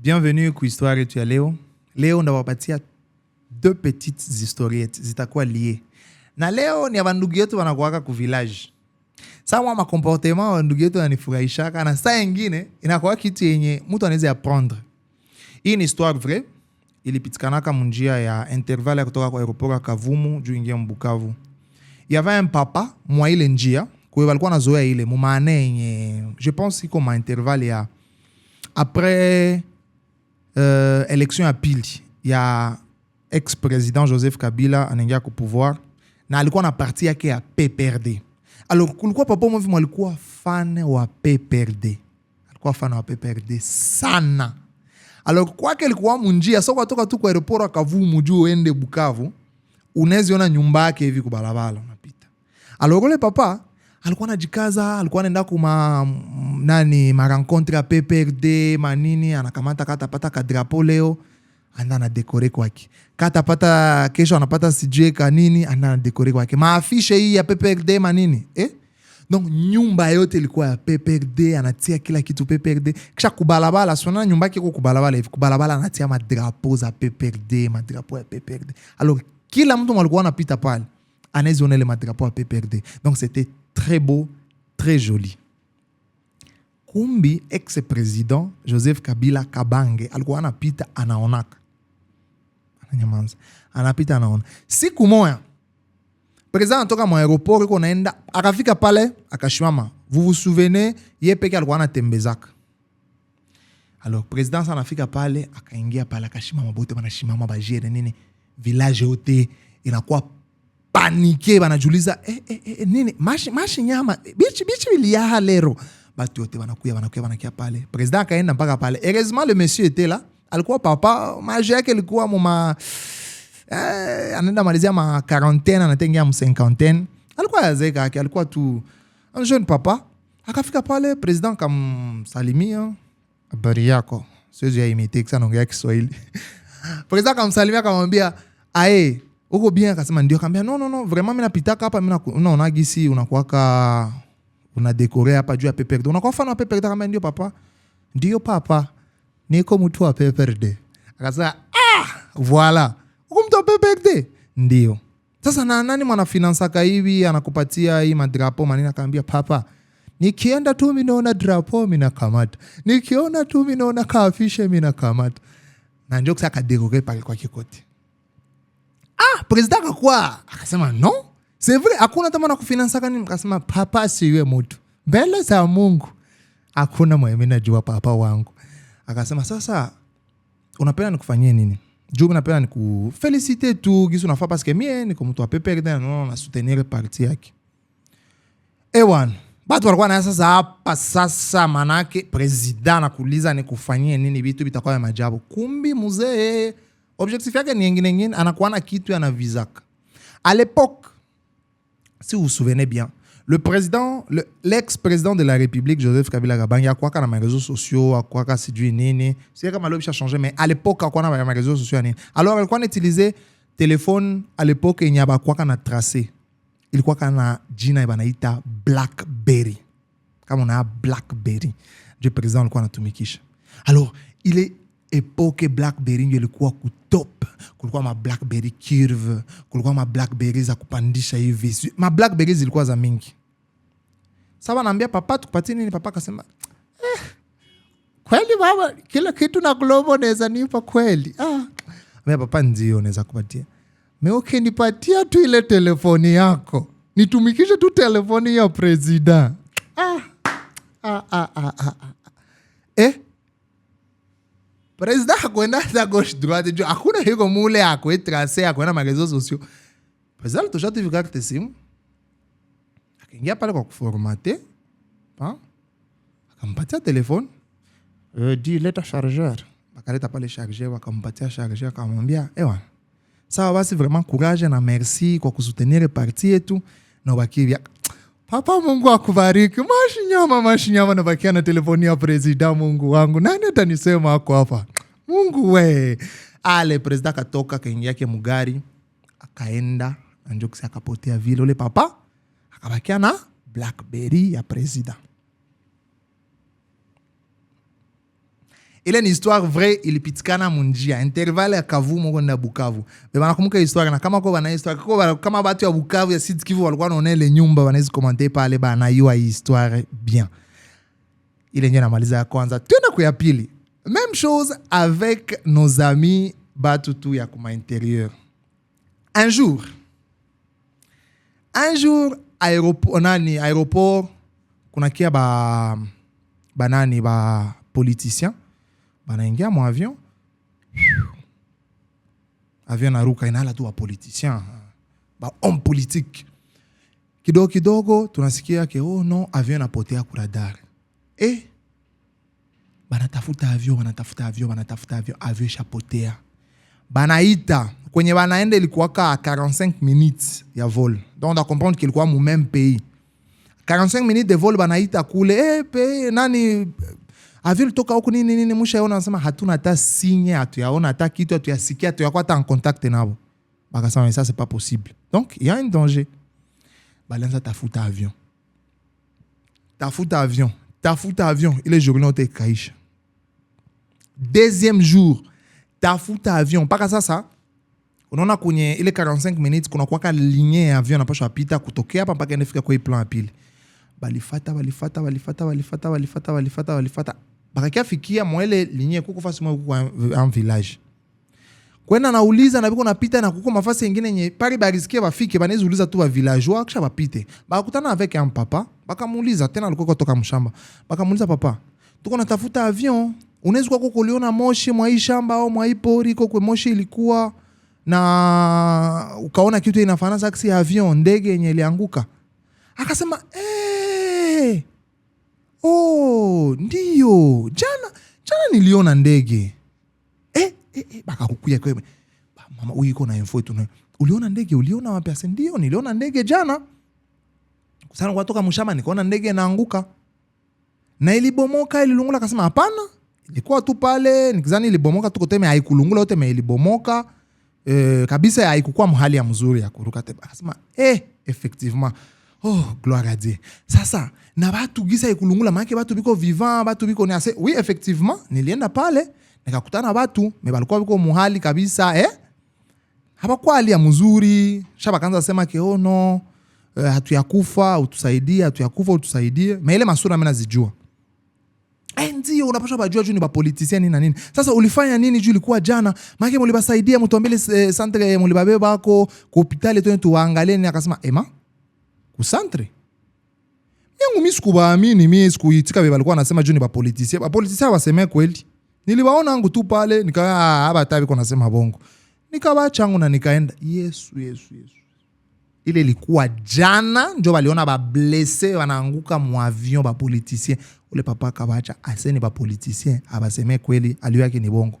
Bienvenue kuhistoire yetu ya leo. Leo ndawapatia deux petites historiettes zitakuwa lié na leo. Ni abandugu yetu wanakuwaka ku village sama makomportema abandugu yetu ananifurahishaka, na saa ingine inakuwa kitu yenye mtu anaweza aprendre. Hii ni histoire vrai ilipitikanaka munjia ya intervalle kutoka kwa aeroport ya Kavumu juu ingia Mbukavu. Yava un papa mwa ile njia kwe walikuwa nazoea ile mumaane yenye je pense iko ma intervalle ya après Euh, à pile. ya pili ya ex président Joseph Kabila anaingia au pouvoir na alikuwa na parti yake ya PPRD. Alors kulikuwa Papa Movimu alikuwa fan wa PPRD, alikuwa fan wa PPRD sana. Alors kwake alikuwa munjia soko atoka tu kwa aeroport akavumu juu uende Bukavu, unaziona nyumba yake hivi kubalabala unapita. Alors le papa alikuwa anajikaza, alikuwa anaenda kuma mm, nani marenkontre ya PPRD manini, anakamata katapata kadrapo leo anda na dekore kwake, katapata kesho anapata sijue kanini, anda na dekore kwake, maafishe hii ya PPRD manini eh? Donc nyumba yote ilikuwa ya PPRD, anatia kila kitu PPRD. Kisha kubalabala sona nyumba yake iko kubalabala hivi, kubalabala anatia madrapo za PPRD, madrapo ya PPRD. Alors kila mtu alikuwa anapita pale, anaziona ile madrapo ya PPRD. Donc c'était très beau, très joli. Kumbi ex-président Joseph Kabila Kabange anapita anaona. Siku president anatoka akafika pale akashimama. Vous vous souvenez, ye peke alikuwa anatembezaka alors président sana anafika pale akaingia pale akashimama, bote nini, village yote inakuwa banike banajuliza eh, eh, eh, eh, nini mashi, mashi nyama eh, bichi bichi biliaha lero batu yote wanakuya wanakuya wanakia pale president akaenda mpaka pale heureusement le monsieur était là alikuwa papa maji yake ilikuwa muma eh, anaenda malizia ma quarantaine anatengia mcinquantaine alikuwa yazeka yake alikuwa tu un jeune papa akafika pale president kamsalimia habari yako siwezi yaimiti kisa naongea kiswahili president akamsalimia akamwambia ae uko bien? Akasema ndio. Akaambia no, no, no, vraiment mimi napitaka hapa, mimi naona gisi unakuwaka una dekore hapa juu ya peperde, unakuwa fana peperde. Akaambia ndio papa, ndio papa, niko mtu wa peperde. Akasema ah, voila, uko mtu wa peperde ndio. Sasa na nani mwanafinansa kaivi anakupatia hii madrapo manini? Akaambia papa nikienda tu minaona drapo kamata nikiona tu minaona kaafishe minakamata, na ndio akadekore pale kwa kikoti ah president akakuwa akasema no sevre hakuna hata mwana kufinansa kanini kasema papa asiwe mutu mbele za mungu hakuna mwemi najua papa wangu akasema sasa unapenda nikufanyie nini juu napenda nikufelicite tu gisu nafa paske mie niko mtu apepere tena naona nasutenir parti yake ewan eh, batu walikuwa naye sasa hapa sasa manake presida nakuliza nikufanyie nini vitu vitakuwa ya majabu kumbi muzee Objectif yake ni ingine ingine, anakuwa na kitu À l'époque, si vous vous souvenez bien, le président, l'ex-président de la République, Joseph Kabila Gabang, il y a quoi dans les réseaux sociaux, à quoi c'est du nini. C'est comme ça a changé, mais à l'époque, à quoi dans les réseaux sociaux, nini. Alors, il quoi utilisait téléphone à l'époque, il n'y a pas quoi qu'on a tracé. Il quoi qu'on a Gina Ibanaita Blackberry. Comme on a Blackberry. Du président, le quoi on a tout Alors, il est epoke blackberry ndio ilikuwa kutop. Kulikuwa ma blackberry curve, kulikuwa ma blackberry za kupandisha hivi, ma blackberry zilikuwa za mingi. Sasa naambia papa, tukupatie nini? Papa akasema eh, kweli baba, kila kitu na globo naweza nipa kweli? Ah, ambia papa, ndio naweza kupatia meoke, nipatia tu ile telefoni yako nitumikishe tu telefoni ya president. ah, ah, ah, ah, ah, ah. Eh? Pero es dar cuenta esta costura. Yo, a uno es como a aco, a trasea, a una redes social. Pues dale, tú já tive que te sim. A quem já para com formate, pá. A campate a telefone. Uh, eh, di leta charger. A careta para le charger, a campate a charger, a camambia. É, eh, ó. Sabe, se vraiment courage na merci, com o soutenir e partir e tudo. Não vai que Papa Mungu akubariki. Mashinyama, Mashinyama nabakia na telefoni ya presida. Mungu wangu, nani atanisema ako hapa? Mungu we. Ale presida akatoka akaingia yake mugari akaenda Anjoksi akapotea vile. Ule papa akabakia na Blackberry ya presida. ile ni histoire vraie ilipitikana munjia intervale kavu Kavumu na Bukavu. Banakumbuka histoire na kama ko bana histoire ko kama batu ya Bukavu ya Sud Kivu walikuwa wanaona ile nyumba wanaweza commenter pale bana hiyo histoire bien. Ile nyingine namaliza ya kwanza, tena kwa ya pili. Même chose avec nos amis batu tu ya kuma Un jour un jour aéroport nani aéroport kuna kia ba banani ba politicien. banaingia mu avion avion naruka inala tu wapoliticien ba politique kidogo kidogo tunasikia ke oh no avion napotea kuradar e banatafuta avion banatafuta avion banatafuta avion avion shapotea banaita kwenye banaenda ilikuwaka 45 minutes ya vol donc da comprendre kilikuwa mu même pays 45 minutes de vol banaita kule e, eh, pe, nani avilitoka huku nini nini, mwisho yaona anasema hatuna hata sinye, hatuyaona hata kitu, hatuyasikia, hatuyakuwa hata en contact nabo. Bakasema ça c'est pas possible, donc il y a un danger. Balanza tafuta avion, tafuta avion, tafuta avion, ile journée ote kaisha. Deuxième jour tafuta avion mpaka sasa unaona kwenye ile 45 minutes kuna kwaka linye ya avion anapashwa pita kutokea hapa mpaka inafika kwa hii plan ya pili. Balifata, balifata, balifata, balifata, balifata, balifata, balifata, pakakiafikia mwele linye kuko fasi mwe kuko am village kwenda nauliza na biko napita na kuko mafasi ingine nye pari barisikie bafike banezi uliza tu ba villageois kisha bapite bakutana avec un papa bakamuuliza tena alikuwa kutoka mshamba bakamuuliza papa tuko natafuta avion unaweza kuwa kuko uliona moshi mwa hii shamba au mwa hii pori kwa moshi ilikuwa na ukaona kitu inafanana saksi avion ndege yenye ilianguka akasema eh hey! oh, ndio jana jana niliona ndege eh, eh, eh, bakakukuya kwewe mama huyu iko na info tu, uliona ndege? Uliona wapi? Ase ndio niliona ndege jana sana, kwa toka mshamba nikaona ndege naanguka na ilibomoka ililungula. Akasema hapana, ilikuwa tu pale nikizani ilibomoka tu koteme, haikulungula yote ilibomoka e, kabisa haikukuwa mhali ya mzuri ya kuruka tena Akasema eh, effectivement Oh, gloire à Dieu. Ça, ça, n'a pas tout gisa ekulungula, manke batu biko vivant, batu biko ni assez. Oui, effectivement, n'est rien à parler. pas nilienda pale, nikakutana watu, mebalikuwa biko muhali kabisa, eh? Hapakuwa ah, hali ya mzuri, shaba kanza sema ke oh non, euh, tu tu a a koufa, koufa, ou no, uh, hatuyakufa, utusaidie, hatuyakufa, utusaidie. Maile masura mimi nazijua. Eh, ndio unapaswa bajua juu ni ba politician nini na nini. Sasa ulifanya nini juu ilikuwa jana? Maki mulibasaidia mtuambele eh, santre mulibabeba bako, ku hospitali tuende tuangalie, akasema, "Ema, eh, kusantre yangu mi sikubaamini mi sikuitika be balikuwa nasema juu ni bapolitisie bapolitisie baseme kweli nilibaona angu tu pale nikaa abata ah, ah, biko nasema bongo nikabachangu na nikaenda yesu yesu yesu ile likuwa jana njo baliona bablese wanaanguka muavion bapolitisien ule papa akabacha aseni bapolitisien abaseme kweli aliyo yake ni bongo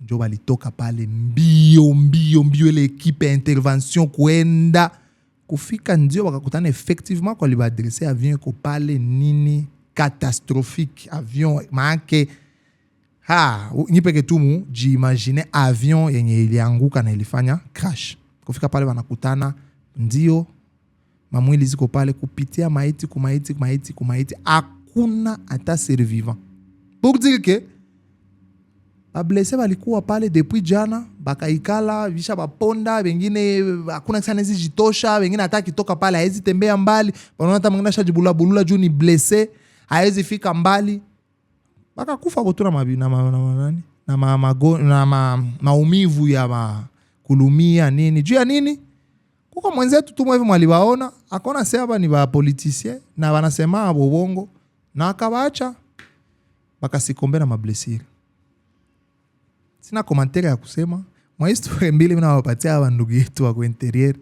njo balitoka pale mbio mbio mbio ile ekipe ya intervention kuenda kufika ndio wakakutana effectivement walibadrese avion iko pale nini catastrophique avion maake ha nipeke tumu jiimagine avion yenye ilianguka na ilifanya crash kufika pale wanakutana ndio mamwili ziko pale kupitia maiti kumaiti kumaiti kumaiti hakuna hata survivant pour dire ke bablesse balikuwa pale depuis jana bakaikala vakaikala baponda bengine hakuna sana hizi jitosha, bengine hata kitoka pale hawezi tembea mbali, wanaona hata mwingine bulula juu ni blesse, hawezi fika mbali, bakakufa kotu na na ma, na ma, na maumivu ya makulumia nini juu ya nini kuko mwenzetu tumwe hivi mwaliwaona akona seba ni bapolitisie na wanasema bobongo na akabacha akabaacha na mablesiri. Sina komantere ya kusema. Mwahisi mbili mi nawapatia hawa ndugu yetu wa kuinterier,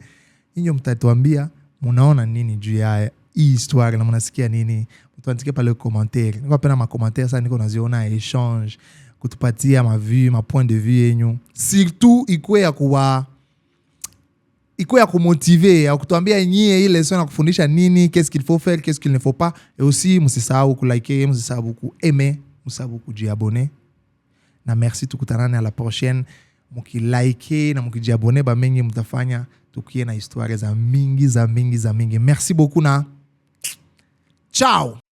ninyo mtatuambia munaona nini juu ya hii histoire na munasikia nini, mtuandike pale komantere. Niko napenda makomantere sana, niko naziona echange kutupatia mavu mapoint de vue yenyu, surtout ikuwe ya kuwa ikuwe ya kumotive ya kutuambia nyie ile sio na kufundisha nini, qu'est-ce qu'il faut faire, qu'est-ce qu'il ne faut pas. Et aussi msisahau ku like, msisahau ku aimer, msisahau ku jiabonner. Na merci, tukutanane à la prochaine mukilike na mukijiabone bamingi mtafanya tukie na historia za mingi za mingi za mingi merci beaucoup na ciao